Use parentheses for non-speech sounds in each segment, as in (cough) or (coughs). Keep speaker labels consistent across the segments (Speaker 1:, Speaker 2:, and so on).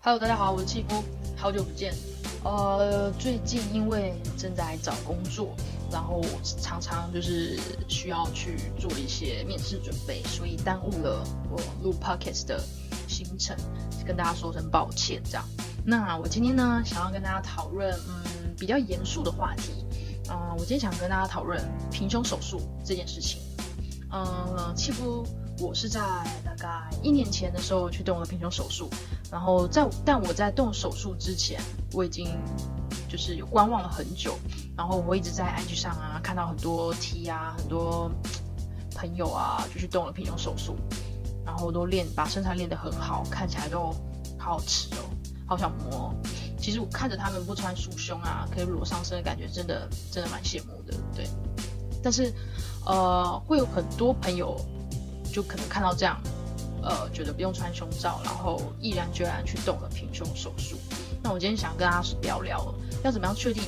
Speaker 1: Hello，大家好，我是契夫。好久不見。呃，最近因為正在找工作，然後常常就是需要去做一些面試準備，所以耽誤了我錄 Podcast 的行程，跟大家說聲抱歉。這樣，那我今天呢，想要跟大家討論嗯比較嚴肅的話題。嗯，我今天想跟大家討論平胸手術這件事情。嗯，其實我是在大概一年前的時候去動了平胸手術，然後在但我在動手術之前，我已經就是有觀望了很久，然後我一直在 IG 上啊，看到很多 T 啊，很多朋友啊就去動了平胸手術，然後都練把身材練得很好，看起來都好好吃哦，好想摸哦。其實我看着他們不穿束胸啊，可以裸上身的感覺，真的真的蠻羨慕的，對。但是，呃，會有很多朋友就可能看到這樣，呃，覺得不用穿胸罩，然後毅然決然去動了平胸手術。那我今天想跟大家聊聊，要怎麼樣確定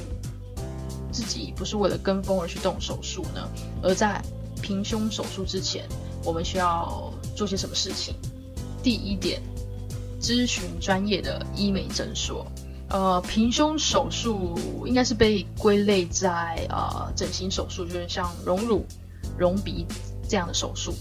Speaker 1: 自己不是為了跟風而去動手術呢？而在平胸手術之前，我們需要做些什麼事情？第一點，諮詢專業的醫美診所。呃，平胸手術應該是被歸類在呃整形手術，就是像隆乳、隆鼻這樣的手術。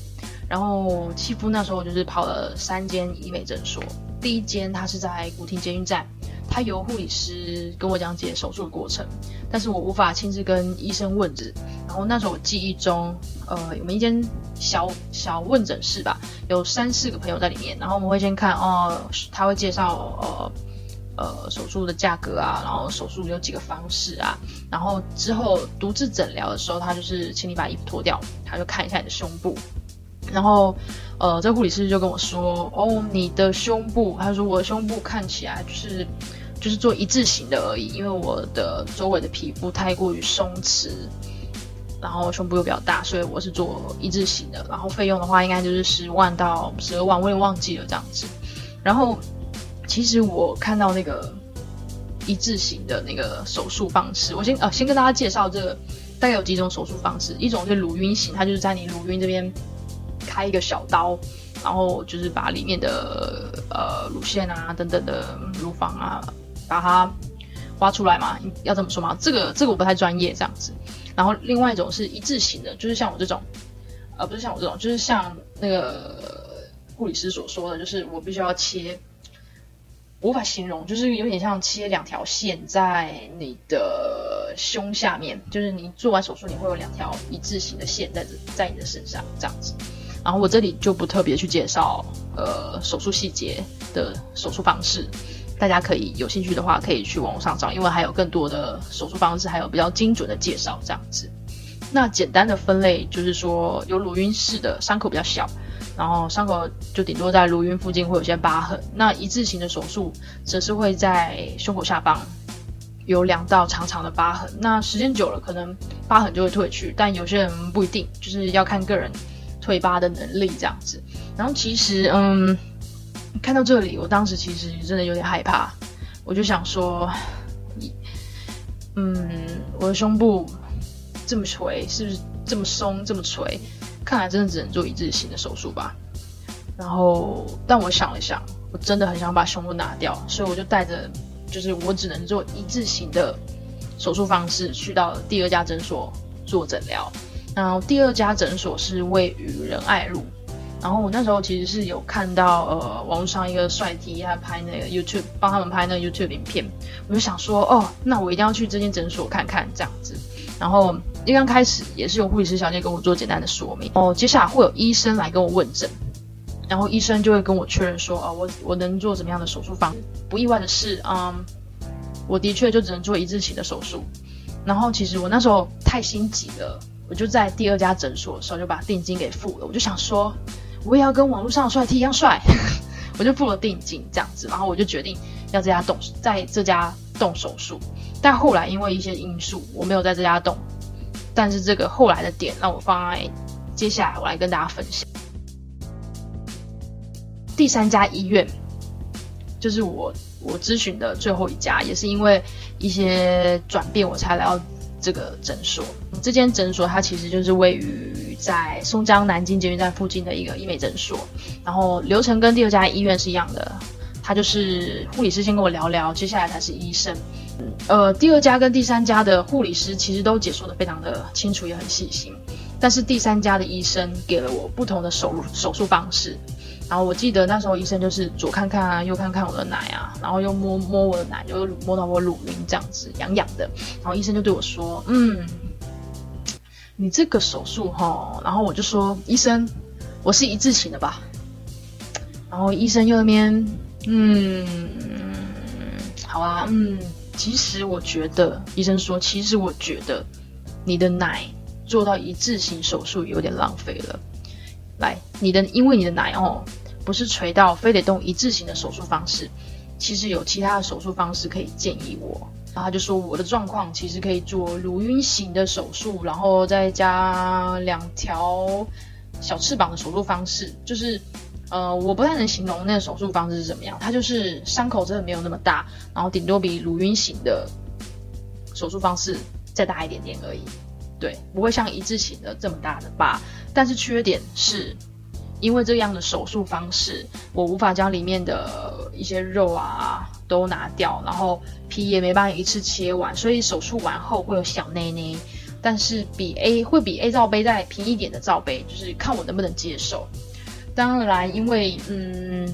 Speaker 1: 然後，契夫那時候我就是跑了三間醫美診所，第一間他是在古亭捷運站，他由護理師跟我講解手術的過程，但是我無法親自跟醫生問診。然後那時候我記憶中，呃，有一間小小問診室吧，有三四個朋友在裡面，然後我們會先看哦、呃，他會介紹呃。呃，手術的價格啊，然後手術有幾個方式啊，然後之後獨自診療的時候，他就是請你把衣服脫掉，他就看一下你的胸部，然後呃，這護理師就跟我說，哦，你的胸部，他說我的胸部看起來就是就是做一字型的而已，因為我的周圍的皮膚太過於鬆弛，然後胸部又比較大，所以我是做一字型的，然後費用的話應該就是十萬到十二萬，我也忘記了這樣子，然後。其實我看到那個一字型的那個手術方式，我先呃先跟大家介紹這個，大概有幾種手術方式。一種是乳暈型，它就是在你乳暈這邊開一個小刀，然後就是把裡面的呃乳腺啊等等的乳房啊把它挖出來嘛，要這麼說嗎？這個這個我不太專業這樣子。然後另外一種是一字型的，就是像我這種，呃，不是像我這種，就是像那個護理師所說的，就是我必須要切。無法形容，就是有點像切兩條線在你的胸下面，就是你做完手術你會有兩條一字形的線在在你的身上這樣子。然後我這裡就不特別去介紹呃手術細節的手術方式，大家可以有興趣的話可以去網絡上找，因為還有更多的手術方式，還有比較精準的介紹這樣子。那簡單的分類就是說有乳暈式的傷口比較小。然後傷口就頂多在乳暈附近會有些疤痕，那一字型的手術則是會在胸口下方有兩道長長的疤痕。那時間久了，可能疤痕就會退去，但有些人不一定，就是要看個人退疤的能力這樣子。然後其實，嗯，看到這裡，我當時其實真的有點害怕，我就想說，嗯，我的胸部這麼垂，是不是這麼鬆，這麼垂？看來真的只能做一字形的手術吧。然後，但我想了想，我真的很想把胸部拿掉，所以我就帶着，就是我只能做一字形的手術方式，去到第二家診所做診療。然後第二家診所是位於仁愛路。然後我那時候其實是有看到呃網絡上一個帥 T 他拍那個 YouTube 幫他們拍那個 YouTube 影片，我就想說哦，那我一定要去這間診所看看這樣子。然後。一剛開始也是有護理師小姐跟我做簡單的說明哦，接下來會有醫生來跟我問診，然後醫生就會跟我確認說，哦，我我能做怎麼樣的手術方式？不意外的是，嗯，我的確就只能做一字型的手術。然後其實我那時候太心急了，我就在第二家診所的時候就把定金給付了，我就想說我也要跟網絡上帥 T 一樣帥， (laughs) 我就付了定金這樣子，然後我就決定要在這家動在這家動手術，但後來因為一些因素，我沒有在這家動。但是這個後來的點，讓我放在接下來，我來跟大家分享。第三家醫院，就是我我諮詢的最後一家，也是因為一些轉變我才來到這個診所。這間診所它其實就是位於在松江南京捷運站附近的一個醫美診所。然後流程跟第二家醫院是一樣的，他就是護理師先跟我聊聊，接下來才是醫生。呃，第二家跟第三家的護理師其實都解說得非常的清楚，也很細心。但是第三家的醫生給了我不同的手術手術方式。然後我記得那時候醫生就是左看看啊，右看看我的奶啊，然後又摸摸我的奶，又摸到我乳暈這樣子癢癢的。然後醫生就對我說：“嗯，你這個手術哈。”然後我就說：“醫生，我是一字型的吧？”然後醫生右邊：“嗯，好啊，嗯。”其實我覺得，醫生說，其實我覺得，你的奶做到一字型手術有點浪費了。來，你的因為你的奶哦，不是垂到，非得動一字型的手術方式。其實有其他的手術方式可以建議我。然後他就說，我的狀況其實可以做乳暈型的手術，然後再加兩條小翅膀的手術方式，就是。呃，我不太能形容那個手術方式是怎麼樣，它就是傷口真的沒有那麼大，然後頂多比乳暈型的手術方式再大一點點而已，對，不會像一字型的這麼大的疤。但是缺點是，因為這樣的手術方式，我無法將裡面的一些肉啊都拿掉，然後皮也沒辦法一次切完，所以手術完後會有小內內，但是比 A 會比 A 罩杯再平一點的罩杯，就是看我能不能接受。當然，因為嗯，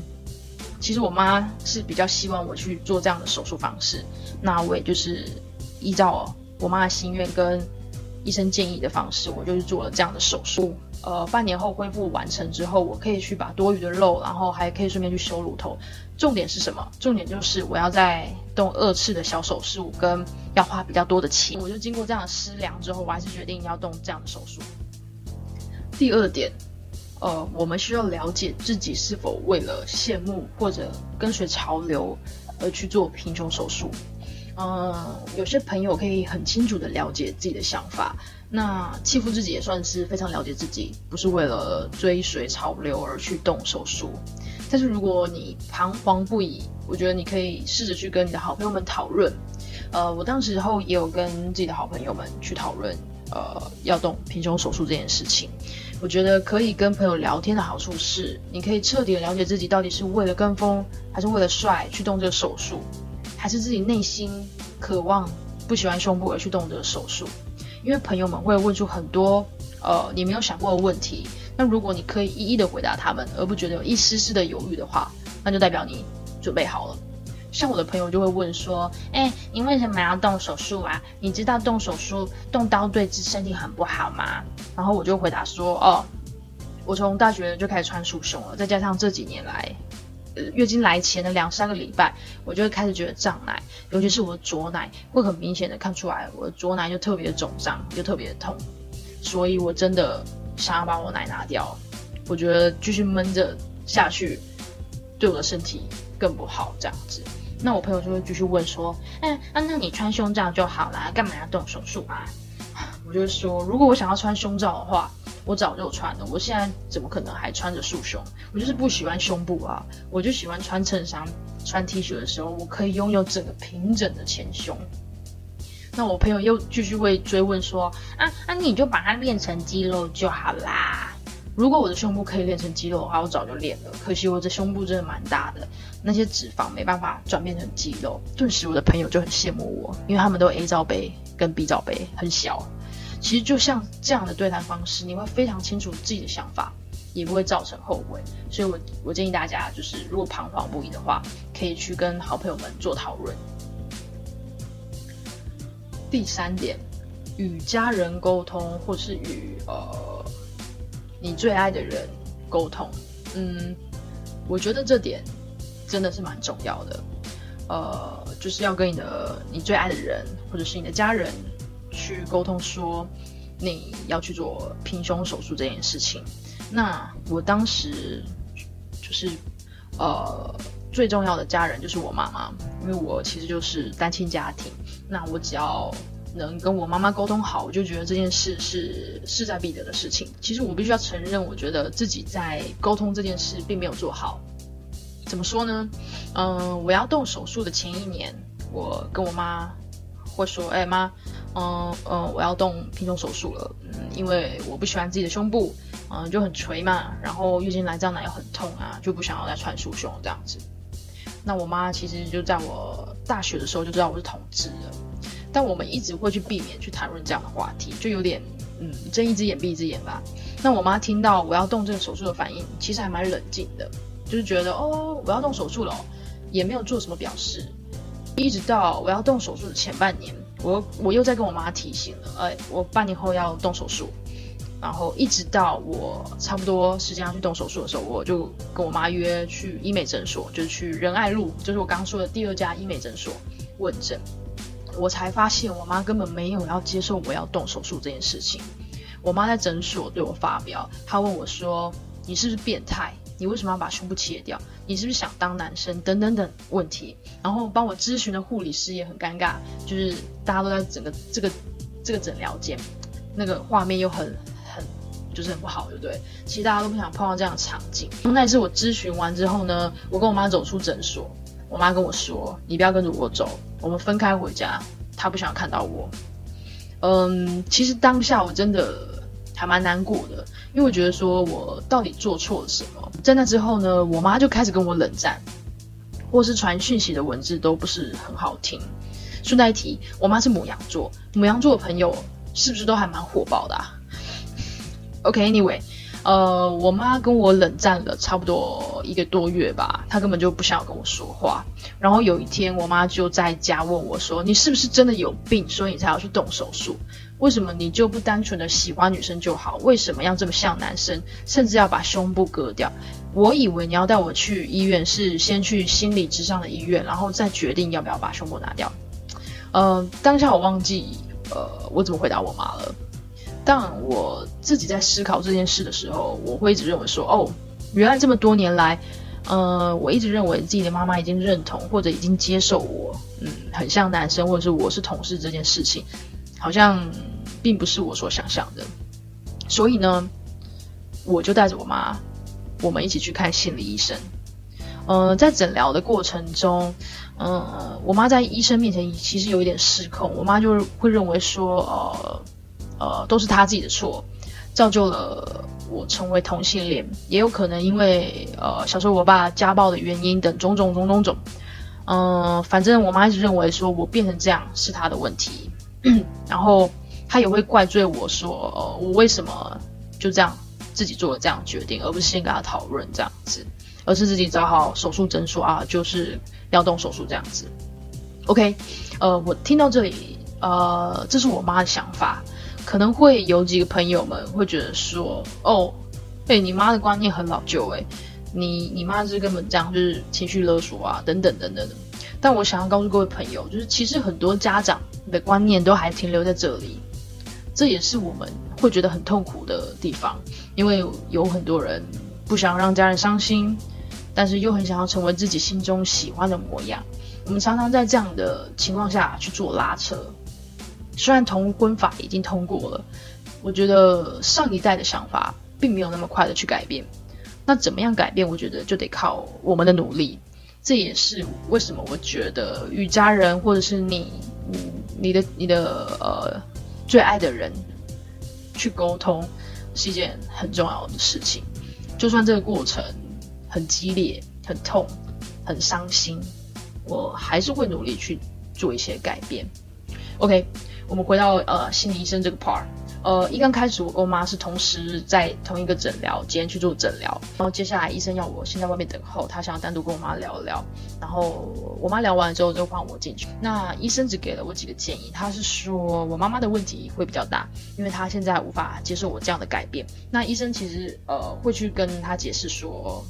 Speaker 1: 其實我媽是比較希望我去做這樣的手術方式，那我也就是依照我媽的心願跟醫生建議的方式，我就是做了這樣的手術。呃，半年後恢復完成之後，我可以去把多餘的肉，然後還可以順便去修乳頭。重點是什麼？重點就是我要再動二次的小手術，跟要花比較多的錢。我就經過這樣的思量之後，我還是決定要動這樣的手術。第二點。呃，我們需要了解自己是否為了羨慕或者跟隨潮流而去做平胸手術。嗯、呃，有些朋友可以很清楚的了解自己的想法，那契夫自己也算是非常了解自己，不是為了追隨潮流而去動手術。但是如果你彷徨不已，我覺得你可以試着去跟你的好朋友們討論。呃，我當時候也有跟自己的好朋友們去討論，呃，要動平胸手術這件事情。我覺得可以跟朋友聊天的好處是，你可以徹底了解自己到底是為了跟風，還是為了帥去動這個手術，還是自己內心渴望不喜歡胸部而去動這個手術。因為朋友們會問出很多，呃，你沒有想過的問題。那如果你可以一一的回答他們，而不覺得有一絲絲的猶豫的話，那就代表你準備好了。像我的朋友就會問說，哎，你為什麼要動手術啊？你知道動手術、動刀對身體很不好嗎？然後我就回答說，哦，我從大學就開始穿束胸了，再加上這幾年來，呃，月經來前的兩三個禮拜，我就開始覺得脹奶，尤其是我的左奶會很明顯的看出來，我的左奶就特別的腫脹，又特別的痛，所以我真的想要把我奶拿掉，我覺得繼續悶着下去，對我的身體更不好這樣子。那我朋友就會繼續問說，哎，啊，那你穿胸罩就好了，幹嘛要動手術啊？我就說，如果我想要穿胸罩的話，我早就穿了。我現在怎麼可能還穿着束胸？我就是不喜歡胸部啊，我就喜歡穿襯衫、穿 T 恤的時候，我可以擁有整個平整的前胸。那我朋友又繼續會追問說：“啊啊，你就把它練成肌肉就好啦！”如果我的胸部可以練成肌肉的話，我早就練了。可惜我的胸部真的蠻大的，那些脂肪沒辦法轉變成肌肉。頓時我的朋友就很羨慕我，因為他們都 A 罩杯跟 B 罩杯很小。其實就像這樣的對談方式，你會非常清楚自己的想法，也不會造成後悔。所以我，我我建議大家，就是如果彷徨不已的話，可以去跟好朋友們做討論。第三點，與家人溝通，或是與呃你最愛的人溝通。嗯，我覺得這點真的是蠻重要的。呃，就是要跟你的你最愛的人，或者是你的家人。去溝通說，你要去做平胸手術這件事情，那我當時就是呃最重要的家人就是我媽媽，因為我其實就是單親家庭，那我只要能跟我媽媽溝通好，我就覺得這件事是勢在必得的事情。其實我必須要承認，我覺得自己在溝通這件事並沒有做好。怎麼說呢？嗯、呃，我要動手術的前一年，我跟我媽。會說，哎、欸、媽，嗯嗯，我要動平胸手術了，嗯，因為我不喜歡自己的胸部，嗯，就很垂嘛，然後月經來漲奶，又很痛啊，就不想要再穿束胸這樣子。那我媽其實就在我大學的時候就知道我是同志了，但我們一直會去避免去談論這樣的話題，就有點嗯睜一隻眼閉一隻眼吧。那我媽聽到我要動這個手術的反應，其實還蠻冷靜的，就是覺得哦我要動手術了，也沒有做什麼表示。一直到我要動手術的前半年，我我又在跟我媽提醒了，哎，我半年後要動手術。然後一直到我差不多時間要去動手術的時候，我就跟我媽約去醫美診所，就是去仁愛路，就是我剛剛說的第二家醫美診所問診。我才發現我媽根本沒有要接受我要動手術這件事情。我媽在診所對我發飆，她問我說：“你是不是變態？”你為什麼要把胸部切掉？你是不是想當男生？等等等問題，然後幫我諮詢的護理師也很尷尬，就是大家都在整個這個這個診療間，那個畫面又很很就是很不好，對不對？其實大家都不想碰到這樣的場景。那一次我諮詢完之後呢，我跟我媽走出診所，我媽跟我說：“你不要跟着我走，我們分開回家。”她不想看到我。嗯，其實當下我真的還蠻難過的。因為我覺得說，我到底做錯了什麼？在那之後呢，我媽就開始跟我冷戰，或是傳訊息的文字都不是很好聽。順帶一提，我媽是牡羊座，牡羊座的朋友是不是都還蠻火爆的啊？OK，anyway，呃，我媽跟我冷戰了差不多一個多月吧，她根本就不想要跟我說話。然後有一天，我媽就在家問我說：“你是不是真的有病？所以你才要去動手術？”為什麼你就不單純的喜歡女生就好？為什麼要這麼像男生，甚至要把胸部割掉？我以為你要帶我去醫院，是先去心理諮商的醫院，然後再決定要不要把胸部拿掉。呃，當下我忘記呃，我怎麼回答我媽了。但我自己在思考這件事的時候，我會一直認為說，哦，原來這麼多年來，呃，我一直認為自己的媽媽已經認同或者已經接受我，嗯，很像男生，或者是我是同志這件事情。好像並不是我所想象的，所以呢，我就帶着我媽，我們一起去看心理醫生。嗯，在診療的過程中，嗯，我媽在醫生面前其實有一點失控。我媽就會認為說，呃，呃，都是她自己的錯，造就了我成為同性戀，也有可能因為呃小時候我爸家暴的原因等種種種種種。嗯，反正我媽一直認為說我變成這樣是她的問題。 (coughs) 然後他也會怪罪我說，呃，我為什麼就這樣自己做了這樣決定，而不是先跟他討論這樣子，而是自己找好手術診所啊，就是要動手術這樣子。OK，呃，我聽到這裡，呃，這是我媽的想法，可能會有幾個朋友們會覺得說，哦，哎，你媽的觀念很老舊，欸，哎，你你媽是根本這樣，就是情緒勒索啊，等等等等等等。但我想要告訴各位朋友，就是其實很多家長的觀念都還停留在這裡，這也是我們會覺得很痛苦的地方。因為有很多人不想讓家人傷心，但是又很想要成為自己心中喜歡的模樣。我們常常在這樣的情況下去做拉扯。雖然同婚法已經通過了，我覺得上一代的想法並沒有那麼快的去改變。那怎麼樣改變？我覺得就得靠我們的努力。這也是為什麼我覺得與家人，或者是你，你，你的，你的呃最愛的人去溝通，是一件很重要的事情。就算這個過程很激烈，很痛，很傷心，我還是會努力去做一些改變。OK，我們回到呃心理醫生這個 part。呃，一剛開始我跟我媽是同時在同一個診療間去做診療，然後接下來醫生要我先在外面等候，他想要單獨跟我媽聊一聊，然後我媽聊完了之後就放我進去。那醫生只給了我幾個建議，他是說我媽媽的問題會比較大，因為她現在無法接受我這樣的改變。那醫生其實呃會去跟他解釋說，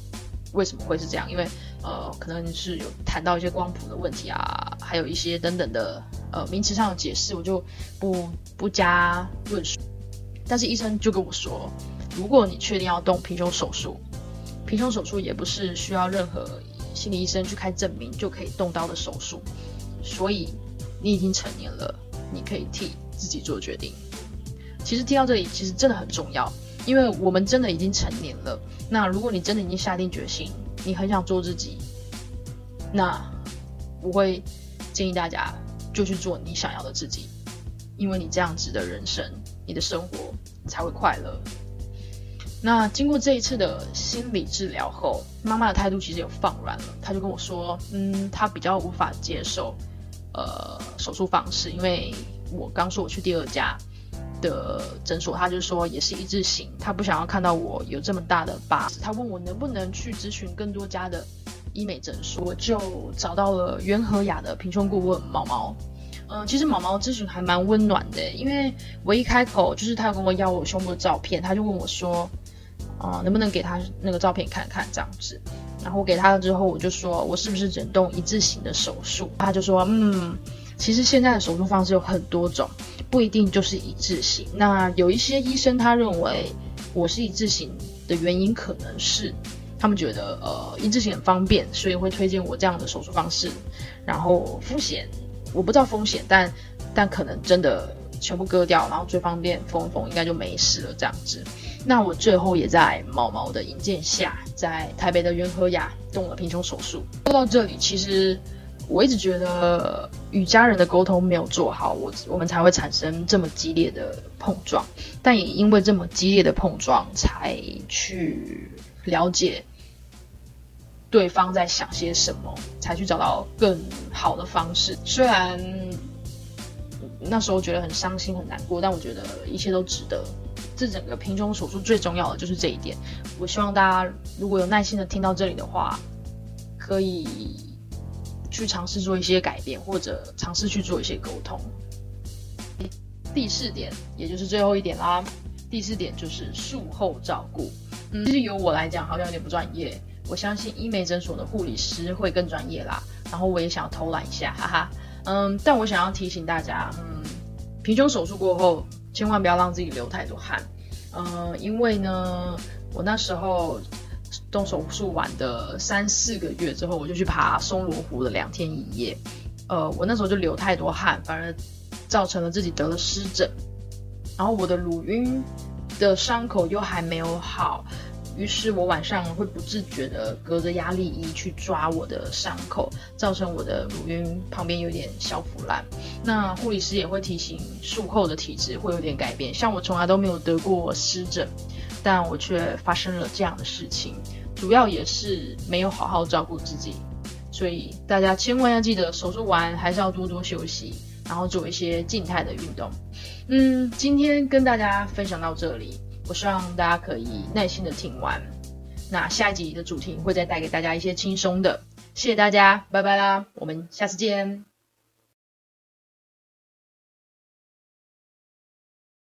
Speaker 1: 為什麼會是這樣，因為。呃，可能是有談到一些光譜的問題啊，還有一些等等的呃名詞上的解釋，我就不不加論述。但是醫生就跟我說，如果你確定要動平胸手術，平胸手術也不是需要任何心理醫生去開證明就可以動刀的手術，所以你已經成年了，你可以替自己做決定。其實聽到這裡，其實真的很重要，因為我們真的已經成年了。那如果你真的已經下定決心。你很想做自己，那我會建議大家就去做你想要的自己，因為你這樣子的人生，你的生活才會快樂。那經過這一次的心理治療後，媽媽的態度其實也放軟了，她就跟我說：“嗯，她比較無法接受，呃，手術方式，因為我剛說我去第二家。”的診所，他就說也是一字型，他不想要看到我有這麼大的疤。他問我能不能去諮詢更多家的醫美診所，我就找到了元和雅的平胸顧問毛毛。嗯、呃，其實毛毛諮詢還蠻溫暖的，因為我一開口就是他要跟我要我胸部的照片，他就問我說，啊、呃、能不能給他那個照片看看這樣子？然後我給他了之後，我就說我是不是整動一字型的手術？他就說，嗯，其實現在的手術方式有很多種。不一定就是一字型。那有一些醫生他認為我是一字型的原因，可能是他們覺得呃一字型很方便，所以會推薦我這樣的手術方式。然後風險我不知道風險，但但可能真的全部割掉，然後最方便縫縫，應該就沒事了這樣子。那我最後也在毛毛的引薦下，在台北的元和雅動了平胸手術。說到這裡，其實。我一直覺得與家人的溝通沒有做好，我我們才會產生這麼激烈的碰撞。但也因為這麼激烈的碰撞，才去了解對方在想些什麼，才去找到更好的方式。雖然那時候覺得很傷心、很難過，但我覺得一切都值得。這整個平胸手術最重要的就是這一點。我希望大家如果有耐心的聽到這裡的話，可以。去嘗試做一些改變，或者嘗試去做一些溝通。第四點，也就是最後一點啦。第四點就是術後照顧，嗯，其實由我來講好像有點不專業，我相信醫美診所的護理師會更專業啦。然後我也想偷懶一下，哈哈。嗯，但我想要提醒大家，嗯，平胸手術過後千萬不要讓自己流太多汗，嗯，因為呢，我那時候。動手術完的三四個月之後，我就去爬松蘿湖的兩天一夜。呃，我那時候就流太多汗，反而造成了自己得了濕疹。然後我的乳暈的傷口又還沒有好，於是我晚上會不自覺地隔着壓力衣去抓我的傷口，造成我的乳暈旁邊有點小腐爛。那護理師也會提醒術後的體質會有點改變，像我從來都沒有得過濕疹。但我卻發生了這樣的事情，主要也是沒有好好照顧自己，所以大家千萬要記得手術完還是要多多休息，然後做一些靜態的運動。嗯，今天跟大家分享到這裡，我希望大家可以耐心的聽完。那下一集的主題會再帶給大家一些輕鬆的，謝謝大家，拜拜啦，我們下次見。